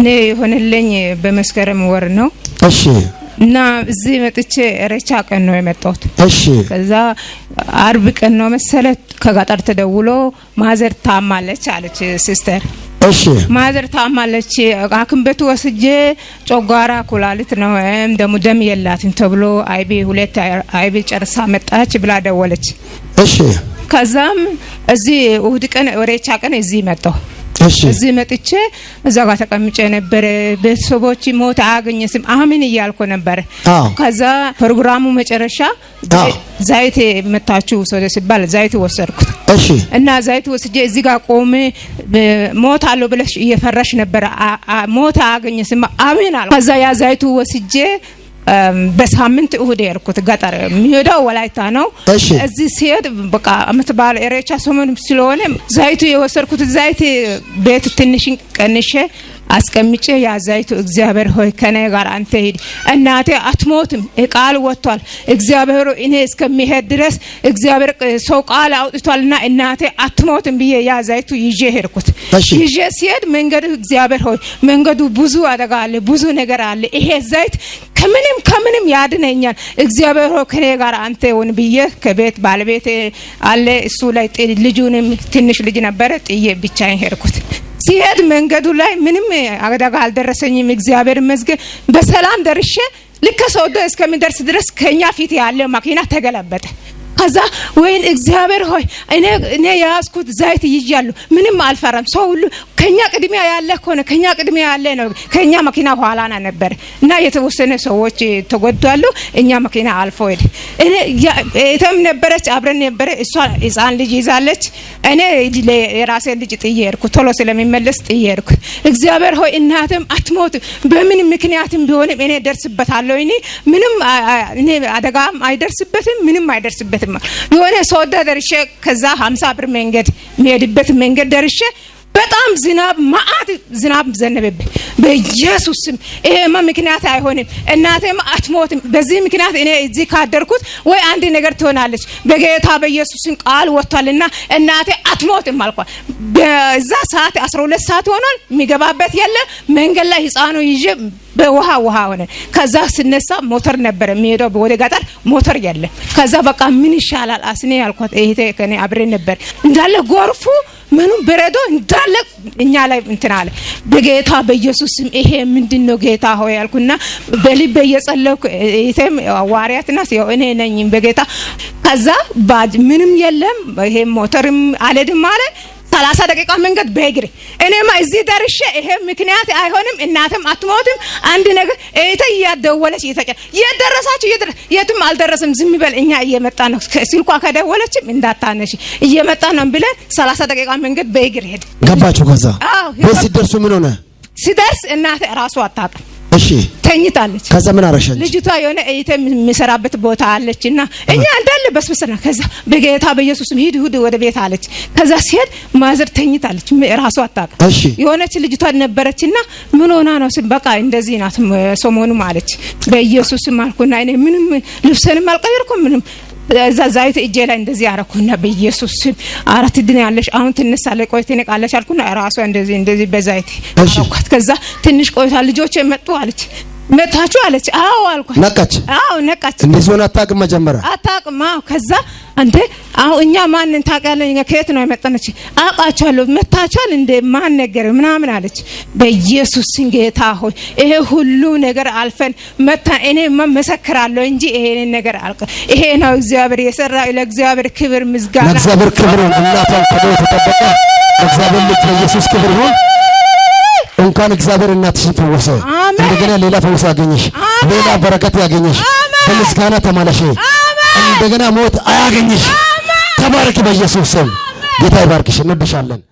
እኔ የሆነልኝ በመስከረም ወር ነው። እሺ እና እዚህ መጥቼ ረቻ ቀን ነው የመጣሁት። እሺ ከዛ አርብ ቀን ነው መሰለ ከጋጠር ተደውሎ ማዘር ታማለች አለች ሲስተር። እሺ ማዘር ታማለች፣ ሐኪም ቤት ወስጄ ጮጓራ፣ ኩላሊት ነው ደግሞ ደም የላትም ተብሎ አይቢ ሁለት አይቢ ጨርሳ መጣች ብላ ደወለች። እሺ ከዛም እዚህ እሁድ ቀን ሬቻ ቀን እዚህ መጣሁ። እዚህ መጥቼ እዛ ጋር ተቀምጬ ነበረ። ቤተሰቦች ሞት አያገኘ ስም አምን እያልኩ ነበረ። ከዛ ፕሮግራሙ መጨረሻ ዛይት መታችሁ ሰደ ሲባል ዛይት ወሰድኩት እና ዛይት ወስጄ እዚህ ጋር ቆሜ ሞት አለው ብለሽ እየፈራሽ ነበረ። ሞት አያገኘስም አምን አልኩ። ከዛ ያ ዛይቱ ወስጄ በሳምንት እሁድ የሄድኩት ገጠር የሚሄደው ወላይታ ነው። እዚህ ሲሄድ በቃ የምትባል በዓል ሰሞን ስለሆነ ዘይቱ የወሰድኩት ዘይት ቤት ትንሽ ቀንሼ አስቀምጬ ያዛይቱ እግዚአብሔር ሆይ ከኔ ጋር አንተ ሂድ፣ እናቴ አትሞትም። ቃል ወጥቷል። እግዚአብሔር እኔ እስከሚሄድ ድረስ እግዚአብሔር ሰው ቃል አውጥቷልና እናቴ አትሞትም ብዬ ያዛይቱ ይዤ ሄድኩት። ይዤ ሲሄድ መንገዱ እግዚአብሔር ሆይ መንገዱ ብዙ አደጋ አለ፣ ብዙ ነገር አለ። ይሄ ዘይት ከምንም ከምንም ያድነኛል። እግዚአብሔር ሆይ ከኔ ጋር አንተ ይሁን ብዬ ከቤት ባለቤቴ አለ እሱ ላይ ልጁንም ትንሽ ልጅ ነበረ ጥዬ ብቻዬን ሄድኩት። ሲሄድ መንገዱ ላይ ምንም አደጋ አልደረሰኝም። እግዚአብሔር ይመስገን በሰላም ደርሼ ልክ እስከሚደርስ ድረስ ከኛ ፊት ያለ መኪና ተገለበጠ። ከዛ ወይን እግዚአብሔር ሆይ እኔ እኔ የያዝኩት ዘይት ይያሉ ምንም አልፈራም። ሰው ሁሉ ከኛ ቅድሚያ ያለ ከሆነ ከኛ ቅድሚያ ያለ ነው። ከኛ መኪና ኋላ ነበር እና የተወሰነ ሰዎች ተጎዷሉ። እኛ መኪና አልፎ ሄደ። እኔ እህቴም ነበረች አብረን ነበረ። እሷ ሕፃን ልጅ ይዛለች። እኔ የራሴ ልጅ ጥዬ ሄድኩ፣ ቶሎ ስለሚመለስ ጥዬ ሄድኩ። እግዚአብሔር ሆይ እናትም አትሞት፣ በምን ምክንያትም ቢሆንም እኔ ደርስበታለሁ። እኔ ምንም እኔ አደጋም አይደርስበትም፣ ምንም አይደርስበትም የለበትም። የሆነ ሶወዳ ደርሼ ከዛ 50 ብር መንገድ የሚሄድበት መንገድ ደርሼ በጣም ዝናብ ማአት ዝናብ ዘነበብኝ። በኢየሱስ ስም ይሄማ ምክንያት አይሆንም፣ እናቴም አትሞትም። በዚህ ምክንያት እኔ እዚህ ካደርኩት ወይ አንድ ነገር ትሆናለች። በጌታ በኢየሱስን ቃል ወጥቷልና እናቴ አትሞትም አልኳት። በዛ ሰዓት 12 ሰዓት ሆኗል። የሚገባበት የለ መንገድ ላይ ህፃኑ ይዤ በውሃ ውሃ ሆነ። ከዛ ስነሳ ሞተር ነበረ የሚሄደው ወደ ገጠር ሞተር ያለ። ከዛ በቃ ምን ይሻላል አስኔ ያልኳት ይሄ ከኔ አብሬ ነበር እንዳለ ጎርፉ ምኑ በረዶ እንዳለ እኛ ላይ እንትን አለ። በጌታ በኢየሱስ ስም ይሄ ምንድን ነው ጌታ ሆይ ያልኩና በልቤ እየጸለኩ ይሄም ሐዋርያትና እኔ ነኝ በጌታ ከዛ ባድ ምንም የለም ይሄ ሞተርም አለድም አለ ሰላሳ ደቂቃ መንገድ በእግሬ እኔማ እዚህ ደርሼ ይሄ ምክንያት አይሆንም። እናትም አትሞትም። አንድ ነገር እህቴ እያደወለች እየተጨ እየደረሳችሁ እየደረ የትም አልደረስም። ዝም ይበል እኛ እየመጣ ነው። ስልኳ ከደወለችም እንዳታነሽ እየመጣ ነው ብለን ሰላሳ ደቂቃ መንገድ በእግር ሄድ ገባችሁ። ከዛ ቤት ሲደርሱ ምን ሆነ? ሲደርስ እናቴ ራሱ አታውቅም። እሺ ተኝታለች። ከዛ ምን አረሻለች ልጅቷ? የሆነ እይተ የሚሰራበት ቦታ አለችና እኛ እንዳለ በስብስና ከዛ በጌታ በኢየሱስም ሂድ ሁድ ወደ ቤት አለች። ከዛ ሲሄድ ማዘር ተኝታለች። ራሱ አታውቅም። የሆነች ልጅቷ ነበረችና ምን ሆና ነው ስም በቃ እንደዚህ ናት ሰሞኑም ማለች። በኢየሱስም አልኩና እኔ ምንም ልብሰንም አልቀየርኩም ምንም እዛ ዛይት እጄ ላይ እንደዚህ አረኩና በኢየሱስ ስም አራት ድን ያለሽ አሁን ትነሳለች፣ ቆይ ትነቃለች አልኩና ራሷ እንደዚህ እንደዚህ በዛይት አረኳት። ከዛ ትንሽ ቆይታ ልጆች መጡ አለች። መታችሁ አለች። አዎ አልኳት። ነቃች። አዎ ነቃች። እንደዚህ ሆነ አታውቅም፣ መጀመሪያ አታውቅም። አዎ ከዛ አንተ አዎ እኛ ማንን ታውቃለህ? ከየት ነው የመጣነች? አውቃችኋለሁ። መታችኋል እንደ ማን ነገር ምናምን አለች። በኢየሱስ ጌታ ሆይ ይሄ ሁሉ ነገር አልፈን መታ እኔ መሰክራለሁ እንጂ ይሄንን ነገር አልቀ ይሄ ነው እግዚአብሔር የሰራ። ለእግዚአብሔር ክብር ምስጋና፣ ለእግዚአብሔር ክብር እናቷ ከዶ ተጠበቀ። እግዚአብሔር ለኢየሱስ ክብር ይሁን። እንኳን እግዚአብሔር እናትሽን ፈወሰ። እንደገና ሌላ ፈውስ ያገኘሽ፣ ሌላ በረከት ያገኘሽ። በምስጋና ተመለሽ። እንደገና ሞት አያገኘሽ። ተባረክ በኢየሱስ ስም። ጌታ ይባርክሽ። እንብሻለን።